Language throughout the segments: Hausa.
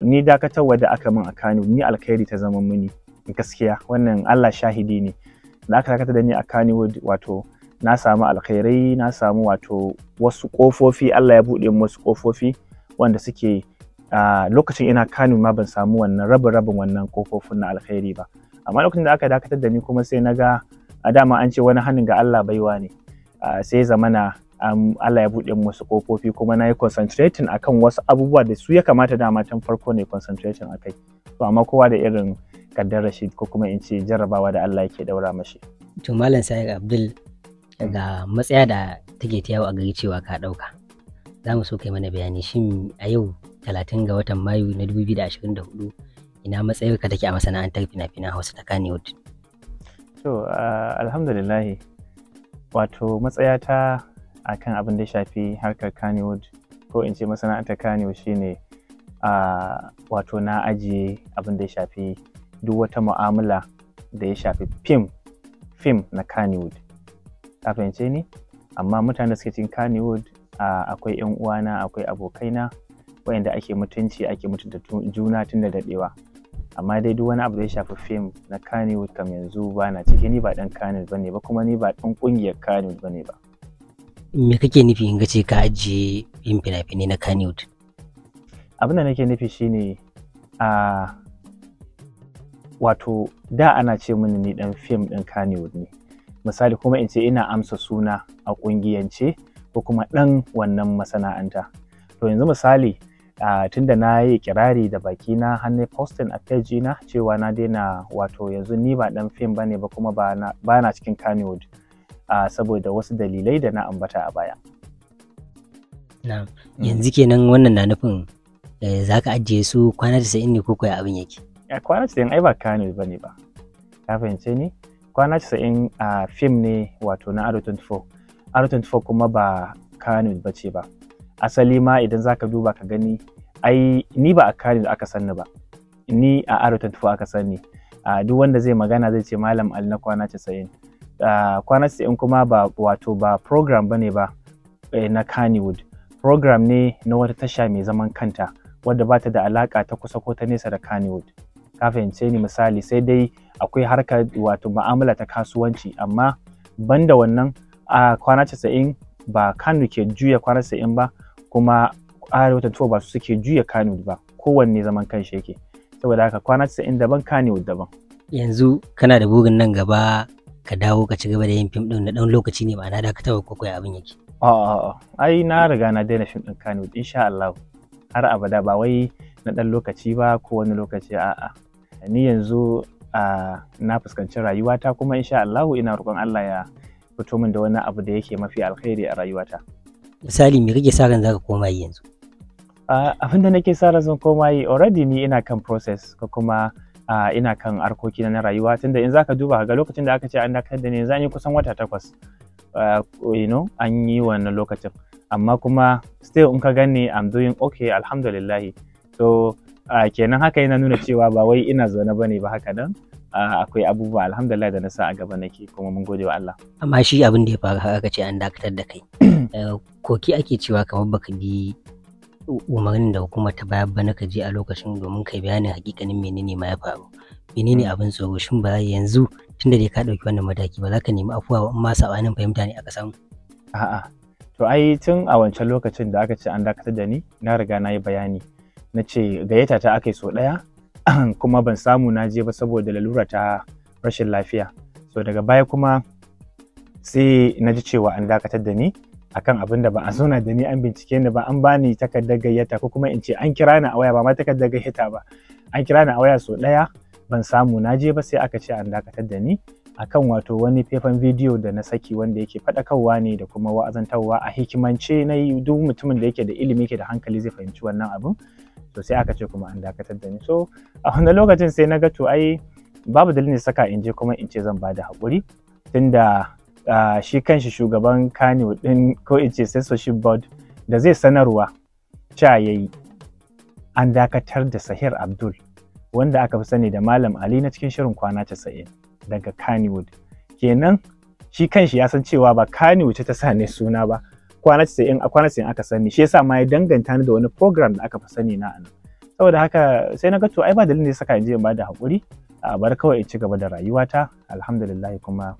ni dakatarwa da aka min a Kano ni alkhairi ta zama mini gaskiya wannan Allah shahidi ne da aka dakatar da ni a Kano wato na samu alkhairai na samu wato wasu kofofi Allah ya buɗe min wasu kofofi wanda suke a lokacin ina Kano ma ban samu wannan rabin rabin wannan kofofin na alkhairi ba amma lokacin da aka dakatar da ni kuma sai na ga a dama an ce wani hannun ga Allah baiwa ne sai zamana Allah ya buɗe musu ƙofofi, kuma na yi concentrating akan wasu abubuwa da su ya kamata dama tun farko ne concentrating akai to amma kowa da irin kaddar shi ko kuma in ce jarrabawa da Allah yake daura mashi to malam sai Abdul mm. ga matsaya da take ta yawo a gari cewa ka ɗauka, za mu so kai mana bayani shin a yau 30 ga watan Mayu na 2024 ina matsayarka take a masana'antar fina-finan Hausa ta Kannywood to ah, alhamdulillah wato ta akan abin da shafi harkar Kannywood ko in ce masana'antar Kannywood shine a wato na ajiye abin da ya shafi duk wata mu'amala da ya shafi fim fim na Kannywood. Ka fahimce ni? Amma mutanen da suke cikin Kannywood akwai 'yan uwana akwai abokaina wayanda ake mutunci ake mutunta juna tun da daɗewa. amma dai duk wani abu da ya shafi fim na Kannywood kam yanzu ba na ciki ni ba dan Kannywood bane ba kuma ni ba dan kungiyar Kannywood bane ba me kake nufi in ce ka ajiye yin fina-finai na Kannywood? Abin da nake nufi shine a wato da ana ce mini ni dan fim din Kannywood ne. Misali kuma in ce ina amsa suna a kungiyance ko kuma dan wannan masana'anta. To yanzu misali a tunda na yi kirari da baki na hannun posting a page na cewa na daina wato yanzu ni ba dan fim bane ba kuma ba na cikin Kannywood. saboda wasu dalilai da na ambata a baya. Mm. yanzu kenan wannan na nufin eh, za ka ajiye su kwana sa'in ne ko kuwa abin yake? kwana sa'in ai ba kano ba ne ba ka fahimce ni kwana sa'in a fim ne wato na r24 r24 kuma ba kano ba ce ba asali ma idan za ka duba ka gani ai ni ba a kano aka sanni ba ni a r24 aka sanni duk wanda zai magana zai ce malam al na kwana sa'in. kwana 90 kuma ba wato ba program bane ba eh, na Kannywood program ne na wata tasha mai zaman kanta wadda ba ta da alaka ta kusa ko ta nesa da Kannywood ka fahimce ni misali sai dai akwai harka wato ma'amala ta kasuwanci amma banda wannan a kwana 90 ba Kano ke juya kwana 90 ba kuma arewa ta ba su suke juya Kannywood ba kowanne zaman kanshi yake saboda haka kwana 90 daban Kannywood daban yanzu kana da burin nan gaba ka dawo ka ci gaba da yin fim din na dan lokaci ne ma'ana da ka taba kwakwai abin yake a'a ai na riga na daina fim din Kano insha Allah har abada ba wai na dan lokaci ba ko wani lokaci a'a ni yanzu na fuskanci rayuwata kuma insha Allah ina roƙon Allah ya fito min da wani abu da yake mafi alkhairi a rayuwata misali me kake sa ran zaka koma yanzu abin da nake sa ran zan koma yi already ni ina kan process ko kuma ina kan harkoki na rayuwa tunda in zaka duba ga lokacin da aka ce an dakatar da ni yanzu yi kusan wata takwas you know an yi wannan lokacin amma kuma still in ka gani I'm doing okay alhamdulillah so kenan haka yana nuna cewa ba wai ina zaune bane ba haka nan akwai abubuwa alhamdulillah da na sa a gaba nake kuma mun gode wa Allah amma shi abin da ya faru haka ce an dakatar da kai eh, koki ake cewa kamar baka bi umarnin da hukumar ta bayar ba na ka je a lokacin domin kai bayanin hakikanin menene ma ya faru menene hmm. abin tsoro shin ba yanzu tunda dai ka dauki wannan mataki ba za ka nemi afuwa in ma sabanin fahimta ne aka samu a'a to ai tun a wancan lokacin da aka ce an dakatar da ni na riga na yi bayani na ce gayyata ta aka yi so ɗaya kuma ban samu na je ba saboda lalura ta rashin lafiya so daga baya kuma sai na ji cewa an dakatar da ni akan abin da ba a zauna da ni an bincike ni ba an bani takardar gayyata ko kuma in ce an kira ni a waya ba ma takardar gayyata ba an kira ni a waya sau ɗaya ban samu na je ba sai aka ce an dakatar da ni akan wato wani faifan bidiyo da na saki wanda yake faɗakarwa ne da kuma wa'azantarwa a hikimance na duk mutumin da yake da ilimi yake da hankali zai fahimci wannan abin to sai aka ce kuma an dakatar da ni so a wannan lokacin sai na ga to ai babu dalilin saka in je kuma in ce zan ba da haƙuri tunda shi kanshi shugaban kano din ko in ce censorship board da zai sanarwa cha yayi an dakatar da sahir abdul wanda aka fi sani da malam ali na cikin shirin kwana 90 daga kanewood kenan shi kanshi ya san cewa ba ce ta sa ne suna ba kwana 90 kwana aka sani shi yasa ma ya danganta ni da wani program da aka fi sani na anan saboda haka sai na ga to ai ba dalilin da saka in je in bada hakuri a bar kawai in ci gaba da rayuwata alhamdulillah kuma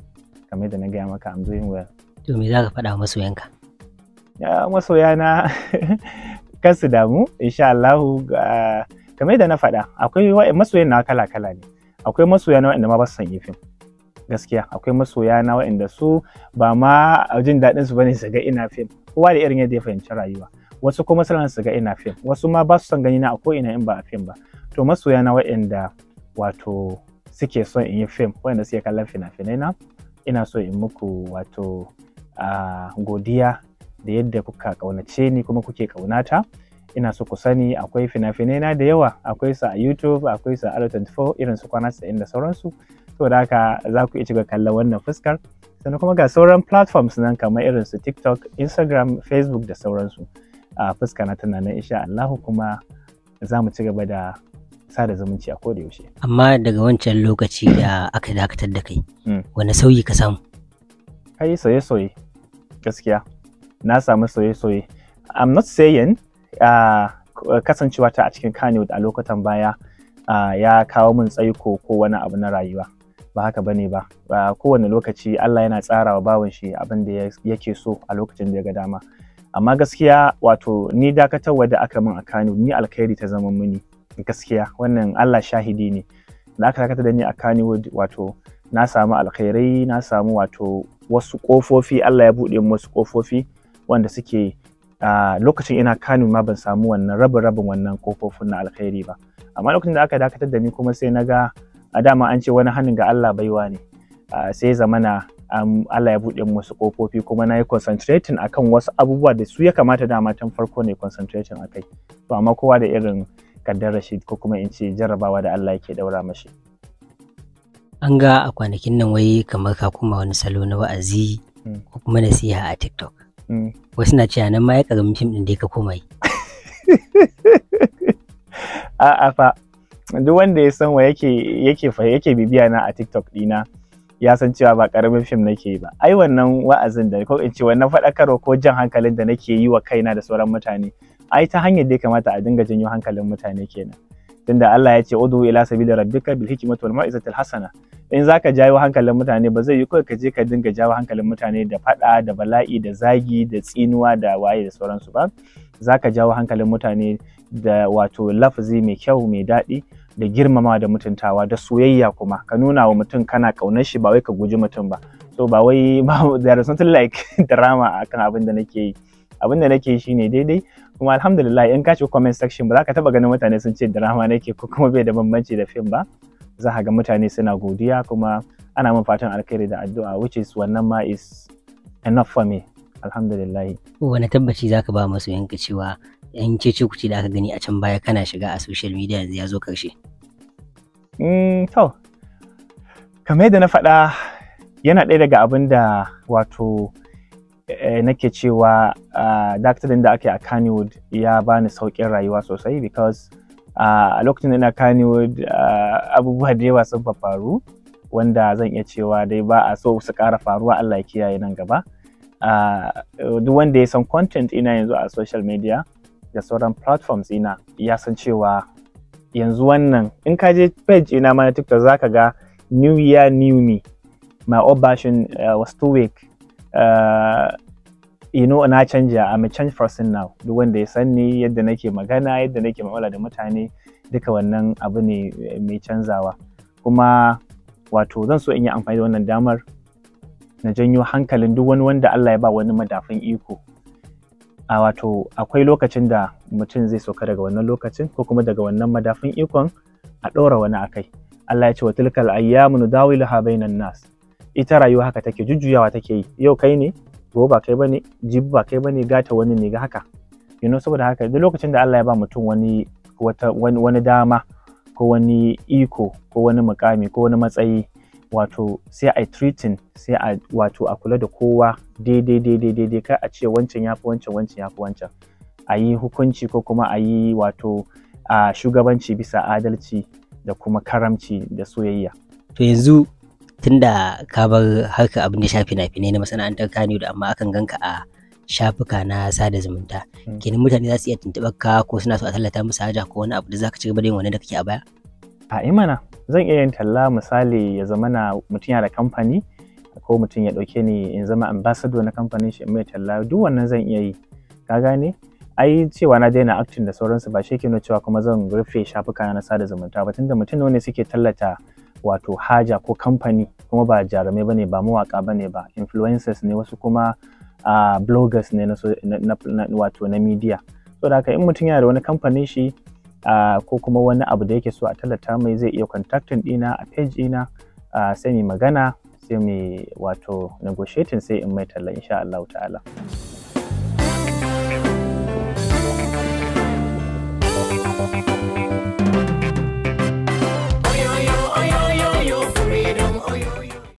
kamar da na gaya maka I'm doing well. To me za ka faɗa masoyanka? Ya na kan su damu insha Allah kamar da na faɗa akwai masoyan na kala kala ne. Akwai masoya na waɗanda ma ba su son yi fim. Gaskiya akwai masoya na waɗanda su ba ma jin daɗin su bane su ga ina fim. Kowa da irin yadda ya fahimci rayuwa. Wasu kuma suna su ga ina fim, wasu ma ba su son gani na a ko ina in ba a fim ba. To masoya na waɗanda wato suke son in yi fim, waɗanda suke kallon fina-finai na ina so in muku wato godiya da yadda kuka kaunace ni kuma kuke ƙaunata ina so ku sani akwai fina-finai na da yawa akwai su a youtube akwai su a 24 irin su kwana 90 da sauransu to da haka za ku iya ci kallon wannan fuskar sannan kuma ga sauran platforms nan kamar irin su tiktok instagram facebook da sauransu a fuska na tunanin insha allahu kuma za mu ci gaba da sada zumunci a koda yaushe amma daga wancan lokaci da aka dakatar da kai hmm. wani sauyi ka samu ai soye soye gaskiya na samu soye soye i'm not saying uh, kasancewa ta a cikin Kanewood a lokutan baya uh, ya kawo min tsaiko ko wani abu na rayuwa ba haka bane ba uh, kowane lokaci Allah yana tsara wa bawan shi abin da yake so a lokacin da ya ga dama amma gaskiya wato ni dakatarwa da aka min a Kano ni alkhairi ta zama mini gaskiya wannan Allah shahidi ne da aka dakata da ni a Kannywood wato na samu alkhairai na samu wato wasu kofofi Allah ya buɗe wasu kofofi wanda suke a lokacin ina Kano ma ban samu wannan rabin rabin wannan kofofin na alkhairi ba amma lokacin da aka dakatar da ni kuma sai na ga a dama an ce wani hannun ga Allah baiwa ne sai zamana Allah ya buɗe wasu kofofi kuma na yi concentrating akan wasu abubuwa da su ya kamata dama tun farko ne concentrating akai to amma kowa da irin kaddarar shi ko kuma in ce jarrabawa da Allah yake daura mashi an ga a kwanakin nan wai kamar ka kuma wani salo na wa'azi hmm. ko kuma nasiha a tiktok hmm. wasu na cewa nan ma ya karamin fim din da ka koma yi a'a fa duk wanda ya san wa yake bibiya na a tiktok dina ya san cewa ba karamin fim nake yi ba ai wannan wa'azin da ko in ce wannan faɗakarwa ko jan hankalin da nake yi wa kaina da sauran mutane ai ta hanyar da ya kamata a dinga janyo hankalin mutane kenan tunda Allah ya ce udu ila sabila rabbika bil hikmati wal mau'izatil hasana in zaka jawo hankalin mutane ba zai yi kawai ka je ka dinga jawo hankalin mutane da fada da bala'i da zagi da tsinuwa da waye da sauransu ba zaka jawo hankalin mutane da wato lafazi mai kyau mai daɗi da girmama da mutuntawa da soyayya kuma ka nuna wa mutum kana ƙaunar shi ba wai ka guji mutum ba so ba wai there is nothing like drama akan abin da nake yi abin da nake shi ne daidai kuma alhamdulillah in ka shiga comment section ba za ka taba ganin mutane sun ce drama nake ko kuma bai da bambanci da fim ba za ka ga mutane suna godiya kuma ana min fatan alkhairi da addu'a which is wannan ma is enough for me alhamdulillah wani tabbaci za ka ba masu yanka cewa yan cece kuce da aka gani a can baya kana shiga a social media yanzu ya zo karshe mm, to kamar yadda na faɗa yana ɗaya daga abin da wato Eh, nake cewa ah, daktarin da aka yi a Kannywood ya bani saukin rayuwa sosai because ah, a lokacin da ina Kannywood ah, abubuwa da yawa sun faru wanda zan iya cewa dai ba a so su ƙara faruwa Allah ya kiyaye nan gaba. Duk wanda ya san content ina yanzu a social media da sauran platforms ina ya san cewa yanzu wannan in ka je page ina ma na TikTok zaka ga new year new me my old version eh, was two week you know na canja I'm a change person now duk wanda ya san ni yadda nake magana yadda nake mu'amala da mutane duka wannan abu ne mai canzawa kuma wato zan so in yi amfani da wannan damar na janyo hankalin duk wani wanda Allah ya ba wani madafin iko a wato akwai lokacin da mutum zai sauka daga wannan lokacin ko kuma daga wannan madafin ikon a ɗora wani akai Allah ya ce wa tilkal ayyamu nudawiluha bainan nas ita rayuwa haka take jujjuyawa take yi yau kai ne to ba kai bane jib ba kai bane gata wani ne ga haka you know saboda haka duk lokacin da Allah ya ba mutum wani wata wani, dama ko wani iko ko wani mukami ko wani matsayi wato sai a treating sai a wato a kula da kowa daidai daidai daidai kai a ce wancan yafi wancan wancan yafi wancan a yi hukunci ko kuma a yi wato a shugabanci bisa adalci da kuma karamci da soyayya to yanzu tunda ka bar harka abin da shafi fina-finai na masana'antar kano da amma akan ganka a shafuka na sada zumunta hmm. kenan mutane za su iya tuntuɓar ka ko suna so a tallata musu haja ko wani abu da zaka ci gaba da yin wani da kake a baya a imana eh zan iya yin talla misali ya zama na mutum yana da kamfani ko mutum ya ɗauke ni in zama ambassador na kamfanin shi in mai talla duk wannan zan iya yi ka gane ai cewa na daina acting da sauransu ba shi ke nuna cewa kuma zan rufe shafuka na sada zumunta ba tunda mutum ne suke tallata wato haja ko kamfani kuma ba jarumai bane ba mawaka bane ba influencers ne wasu kuma uh, bloggers ne na, na, na, wato na media so da haka in mutum yana da wani kamfanin shi uh, ko kuma wani abu da yake so a tallata mai zai iya contacting dina a page dina uh, sai mai magana sai mai wato negotiating sai in mai talla insha Allah ta'ala.